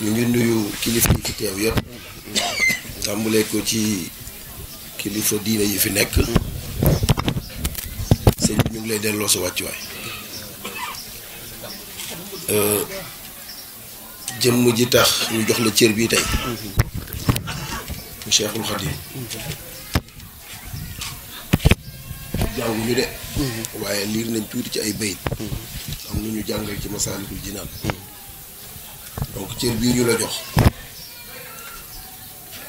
ñu ngi nuyu kilifa yi fi teew yëpp tàmbalee ko ci kilifa diine yi fi nekk sëñ bi ñu ngi lay delloo sa wàccuwaay euh, jëmm ji tax ñu jox la cër bii tey mu Cheikhul Khadim jànguñu de mm-hmm. waaye liir nañ tuuti ci ay bayit mm-hmm. am na ñu jàngal ci Masaalikul Jinaan donc cër bii ñu la jox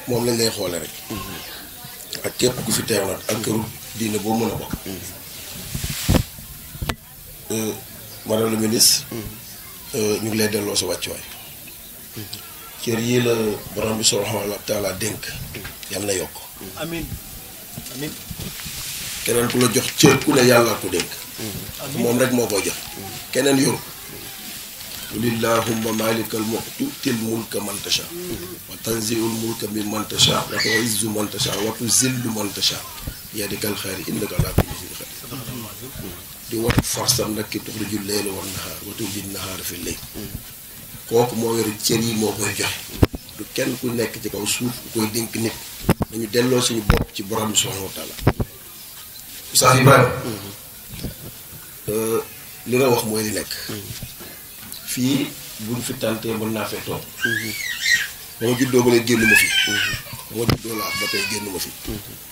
moom lañ lay xoole rek ak képp ku fi teew nag ak këru diine boo mën a bokk euh, madame le euh, ñu ngi lay delloo sa wàccuwaay cër yii la borom bi subhanahu wa taala dénk yàlla na yokk amiin amiin keneen ku la jox cër ku ne yàlla ko dénk moom rek moo koo jox keneen yoru qul illahumma malikal mulki tu'til mulka man tasha wa tanzi'ul mulka mimman tasha wa tu'izzu man tasha wa tuzillu man tasha biyadikal khayru di wat force am nag ki tuxriju leelu wan nahaar wa tuxriju nahaar fi lay kooku moo yore cër yi moo koy joxe du kenn ku nekk ci kaw suuf ku koy dénk nit dañu delloo suñu bopp ci borom bi subhanahu wa taala Oustaz Ibrahima mm-hmm. euh, li nga wax mooy nekk mm-hmm. fii buñ fi tàntee mën naa fee toog. Mhm. ba ma juddoo ba léegi génn mhm. ma fi. ba juddoo laa ba tey génn ma fi.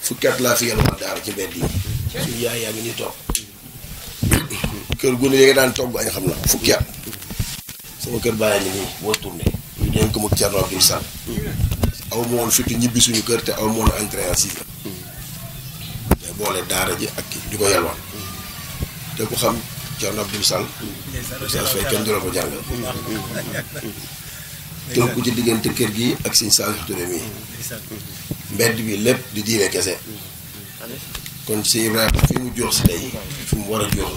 fukki at laa fi yal daara ci mbedd yi. suñu yaay yaa ngi ñuy toog. Mhm. kër gu ne ya daan togg añ xam na fukki at. kër bàyyi ni nii boo tourné. ñu dénk ko moog Thierno Abdoul Sall. aw ma woon ñibbi suñu kër te aw ma entrée en sixième. boole daara ji ak di ko yalwaan. te ku xam Thierno Abdoul sa Oustaz Faye kenn du la ko jàng. tënku ci diggante kër gi ak si Saliou Touré mi mbedd bi lépp di diine kese. kon si Ibrahima fi mu jox si tey fi mu war a jox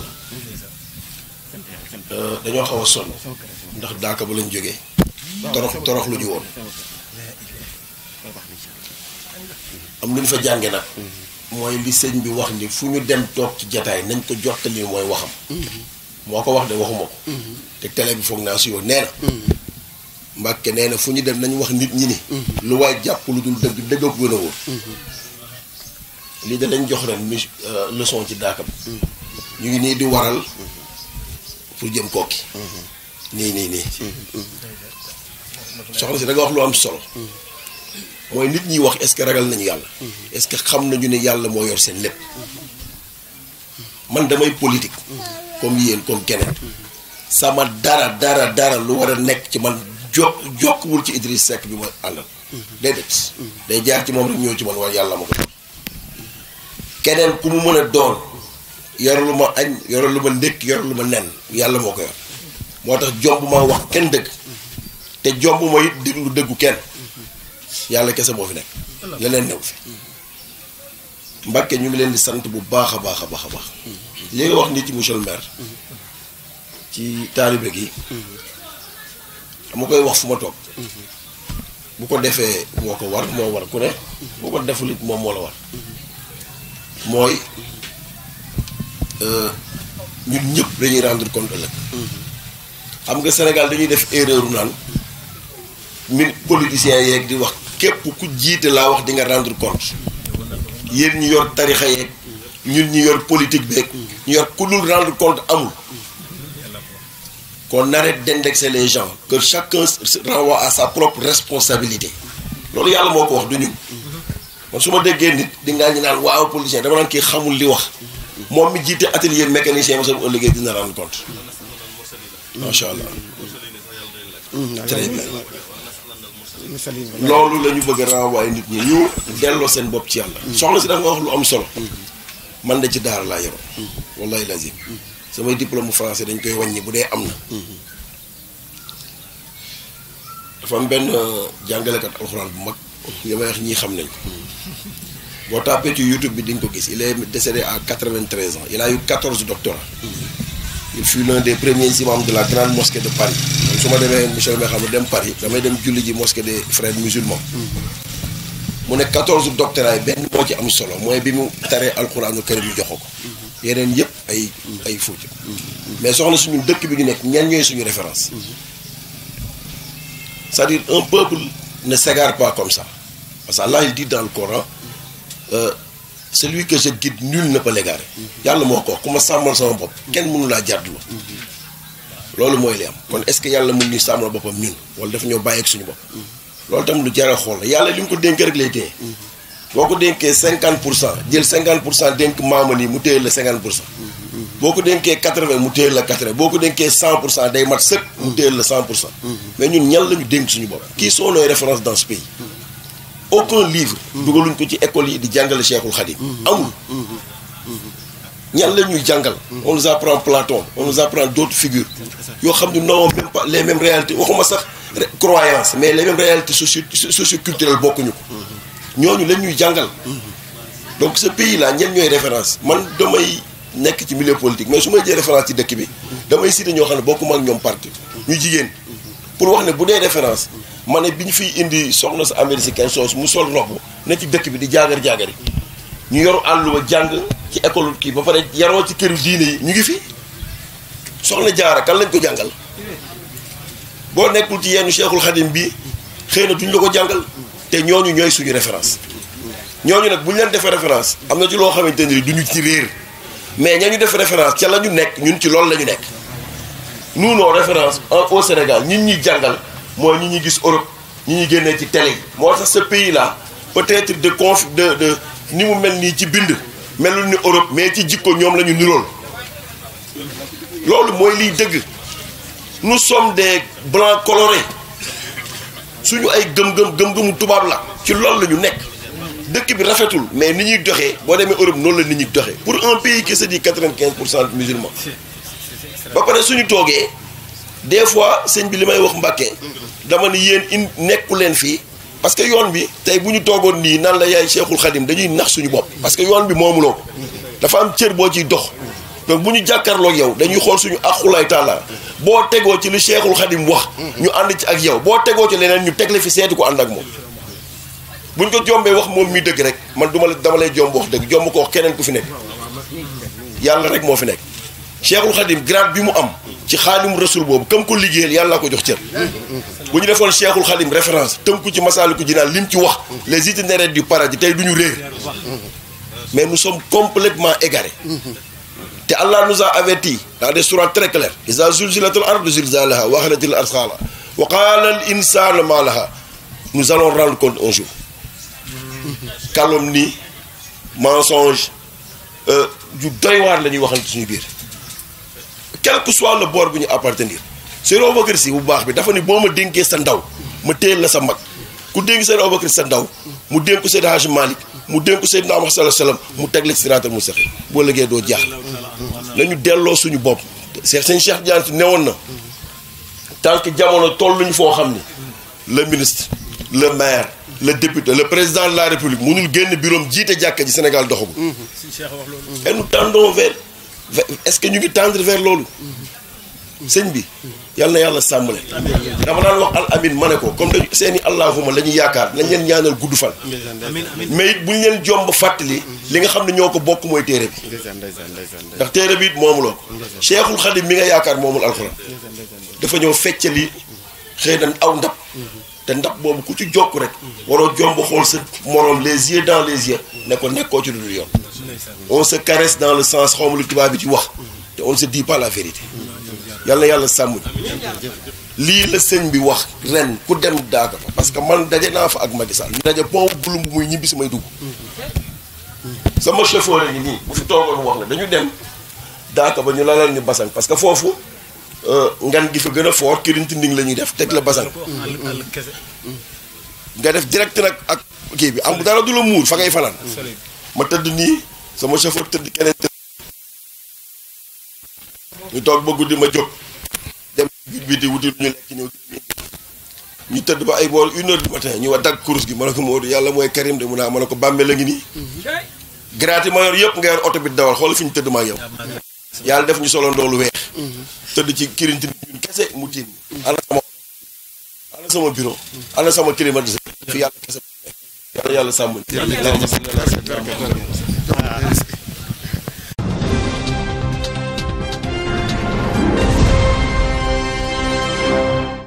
euh, dañoo xaw a sonn ndax daaka ba lañ jógee torox torox lu ñu woon am lu ñu fa jànge nag mooy li sëñ bi wax ni fu ñu dem toog ci jataay nañ ko jottali mooy waxam moo ko wax de waxuma ko te télé bi foog naa suyoo nee na Mbàkke nee na fu ñu dem nañu wax nit ñi ni lu waay jàpp lu dul dëgg dëgg ak gën a wóor lii da lañ jox ren mi euh, leçon ci daaka ñu ngi nii di waral pour jëm kokki nii nii soxna si da nga wax lu am solo mooy nit ñi wax est-ce que ragal nañu yàlla. Mm-hmm. est-ce que xam nañu ne yàlla moo yor seen lépp. Mm-hmm. man damay politique. Mm-hmm. comme yéen comme keneen. sama dara dara dara lu war a nekk ci man jo jokkuwul ci Idriss Seck bi ma àndal. déedéet. day jaar ci moom rek ñëw ci man waaye yàlla ma ko keneen ku mu mën a doon yoralu ma añ yoralu ma ndékk yoralu ma nen yàlla moo ko yor moo tax jomb ma wax kenn dëgg te jomb ma it déglu dëggu kenn. yàlla kese boo fi nekk leneen new fi Mbàkke ñu ngi leen di sant bu baax a baax a baax a li nga wax nit ci monsieur le maire ci taalibe gi dama koy wax fu ma toog bu ko defee moo ko war moo war ku ne bu ko deful it moom moo la war mooy euh, ñun ñëpp dañuy rendre compte ëllëg xam nga Sénégal dañuy def erreur naan min politiciens yeeg di wax képp ku jiite laa wax dinga nga rendre compte yéen ñu yor tarixa yeeg ñun ñu yor politique bi ñu yor ku dul rendre compte amul qu'on arrête d'indexer les gens que chacun se renvoie sa propre responsabilité loolu yàlla moo ko wax du ñu man su ma déggee nit di ngaa ñu naan waaw politicien dama naan kii xamul li wax moom mi jiite atelier mécanicien mos a bu ëllëgee dina rendre compte macha loolu la ñu bëgg a nit ñi ñu delloo seen bopp ci yàlla soxna si dafa wax lu am solo man de ci daara laa yoroon wallahi lazim samay diplôme français dañ koy wañ wàññi bu dee am na dafa am benn euh, jàngalekat alxuraan bu mag li may wax ñii xam nañ ko boo tapé ci YouTube bi di nga ko gis il est décédé à quatre-vingt-treize ans il a eu quatorze doctorats il fut l'un des premiers imams de la grande mosquée de Paris su ma demee monsieur le maire xam ne dem Paris ji mosquée des frères musulmans mu ne quatorze doctorats yi benn moo ci am solo mooy bi mu taree alxuraanu karim ñu jox ko yeneen yëpp ay ay fuuti mais soxna suñu dëkk bi ñu nekk ñan ñooy suñu référence c'est-à-dire un peuple ne s'égare pas comme ça parce que Allah il dit dans le Coran euh, celui que je guide nul ne peut yàlla moo ko ku ma sàmmal sama bopp. kenn mënu laa jàddu loolu mooy li am kon est-ce yàlla mu ñu sàmmal boppam ñun wala dafa ñoo bàyyi suñu bopp. loolu tam lu jar a xool la yàlla li mu ko dénk rek lay téye. boo ko dénkee cinquante pour cent jël cinquante pour cent dénk maamam yi mu téye la cinquante pour cent. boo ko dénkee quatre-vingt mu téye la quatre-vingt boo ko dénkee cent pour cent day mat sëkk. mu téye ñun ñan la ñu dénk suñu bopp. qui sont nos références dans aucun livre dugaluñ ko ci école yi di jàngale Cheikhul Khadim amul ñan la ñuy jàngal on nous apprend Platon on nous apprend d'autres figures yoo xam ne non même pas les mêmes réalités waxuma sax croyance mais les mêmes réalités socio socioculturelles bokkuñu ko ñooñu la ñuy jàngal donc ce pays là ñen ñooy référence man damay nekk ci milieu politique mais su may jël référence ci dëkk bi damay cité ñoo xam ne bokkuma ak ñoom parti ñu jigéen pour wax ne bu dee référence ma bi ñu fi indi soxna sa américain soos mu sol robb na ci dëkk bi di jaagar jaagari ñu àll àlluwa jàng ci école kii ba pare yaroo ci këru diine yi ñu ngi fi soxna jaara kan lañ ko jàngal boo nekkul ci yenn cheikhul xadim bi xëy na duñ la ko jàngal te ñooñu ñoy suñu référence ñooñu nag bu ñu leen defee référence am na ci loo xamante ni duñu ci réer mais ña ñu def référence ca la ñu nekk ñun ci loolu la ñu nekk nous nos références au Sénégal ñun ñuy jàngal mooy ñi ñuy gis Europe ñi ñuy génnee ci télé moo tax ce pays la peut-être de conf de de ni mu mel nii ci bind melul ni Europe mais ci jikko ñoom la ñu nirool loolu mooy liy dëgg nous sommes des blancs colorés suñu ay gëm-gëm gëm-gëmu tubaab la ci lool la ñu nekk dëkk bi rafetul mais ni ñuy doxee boo demee Europe noonu la nit ñuy doxee pour un pays qui se dit quatre-vingt-quinze pour cent musulmans ba pare suñu toogee des fois sëñ bi li may wax Mbàkke dama ni yéen in nekku leen fii parce que yoon bi tey bu ñu toogoon nii nan la yaay Cheikhul Khadim dañuy nax suñu bopp parce que yoon bi moomuloo ko dafa am cër boo ciy dox donc bu ñu jàkkaarloog yow dañuy xool suñu aqulaay taala boo tegoo ci li Cheikhul Khadim wax ñu ànd ci ak yow boo tegoo ci leneen ñu teg tegle fi seetu ko ànd ak moom bu ñu ko jombee wax moom mi dëgg rek man duma dama lay jomb wax dëgg jomb ko wax keneen ku fi nekk yàlla rek moo fi nekk cheikhul xadim grade bi mu am ci xaadim rasul boobu kam ko liggéeyal yàlla ko jox cër bu ñu defoon cheikhul xadim référence tënku ci masaaliku jinaan lim ci wax les itinéraires du paradis tey du ñu réer mais nous sommes complètement égarés te Allah nous a avertis dans des sourates très claires iza zulzilatil ardu zilzalaha wa axrajatil arsala wa qala al insanu ma laha nous allons rendre compte un jour calomnie mensonge euh, ju doy waar la ñuy waxal suñu biir quel que soit le bord bu ñu appartenir sérobacry bu baax bi dafa ni boo ma dénkee sa ndaw ma téel la sa mag ku dénk sérobacry sa ndaw mu dénku Seydi Hadji Malick mu dénku Seydina Muhammad sallallahu alayhi wa sallam mu teg la ci mu mustaqiim boo lëggee doo jaaxle nañu delloo suñu bopp Cheikh sëñ Cheikh Diagne ne woon na tant que jamono tolluñu foo xam ni le ministre le maire le député la président de la république mënul génn bureau am jiite jàkka ji Sénégal doxagul et nous tendons vers est-ce que ñu ngi tendre vers loolu sëñ bi yàlla na yàlla sàmm leen dama daan wax al amin ma ne ko comme dañu seen i allahuma la ñu yaakaar nañ leen ñaanal gudd fan mais it buñ leen jomb fàttali li nga xam ne ñoo ko bokk mooy téere bi ndax téere bi it moomuloo ko cheikhul xadim mi nga yaakaar moomul alxuraan dafa ñëw feccali xëy na aw ndab te ndab boobu ku ci jokk rek waroo jomb xool sa moroom les yeux dans les yeux ne ko nekkoo ci lu yoon on se caresse dans le sens xaw ma lu a bi ci wax te on se dit la vérité yàlla yàlla sàmm lii la sëñ bi wax ren ku dem daaka fa parce que man daje naa fa ak Macky Sall ñu daje pont bulum bu muy ñibbi si may dugg sama chauffeur yi nii bu fi toogoon wax la dañu dem daaka ba ñu lalal ñu basan parce que foofu euh, ngan gi fa gën a fort kirintinding la ñuy def teg la basan nga def direct nag ak kii bi am dara du la muur fa ngay fanaan ma tëdd nii sama chauffeur tëdd keneen ñu toog ba guddi ma jóg dem biir bi di wuti lu ñu lekk ñëw ñu tëdd ba ay bool une heure du matin ñu wa dagg course gi ma ne ko Modou yàlla mooy Karim de mun naa ma ne ko bàmbe la ngi nii gratis ma yëpp nga yor oto bi dawal xool fi ñu tëdd maa yow yàlla def ñu solo ndoolu weex tëdd ci kirinti ñun kese mu tiim ana sama ana sama bureau ana sama climatiseur fi yàlla kese yàlla yàlla sàmm